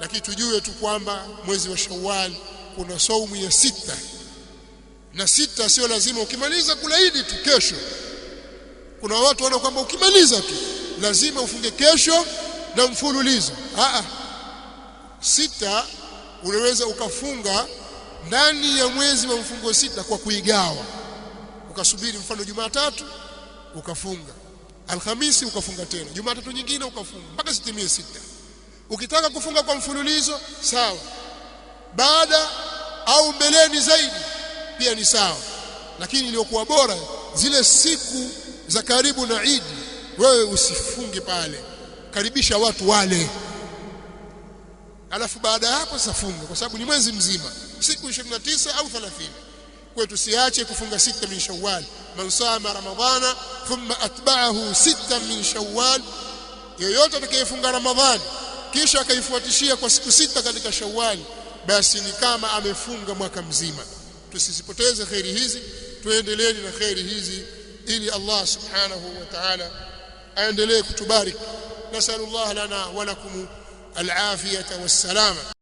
lakini tujue tu kwamba mwezi wa Shawwal kuna saumu ya sita na sita sio lazima ukimaliza kula Idi tu kesho. Kuna watu wana kwamba ukimaliza tu lazima ufunge kesho na mfululizo. Aa, sita unaweza ukafunga ndani ya mwezi wa mfungo sita kwa kuigawa, ukasubiri mfano Jumatatu ukafunga, Alhamisi ukafunga tena, Jumatatu nyingine ukafunga mpaka sitimie sita ukitaka kufunga kwa mfululizo sawa, baada au mbeleni zaidi pia ni sawa, lakini iliyokuwa bora zile siku za karibu na Idi, wewe usifunge pale, karibisha watu wale, alafu baada ya hapo sasa funga, kwa sababu ni mwezi mzima, siku 29 au 30. Kwa tusiache kufunga sita min Shawwal. Man sama Ramadhana thumma atba'ahu sita min Shawwal, yoyote atakayefunga Ramadhani kisha akaifuatishia kwa siku sita katika Shawwal, basi ni kama amefunga mwaka mzima. tusizipoteze kheri hizi, tuendeleeni na kheri hizi ili Allah subhanahu wa ta'ala aendelee kutubariki. Nasalullah lana wa lakum alafiyata salama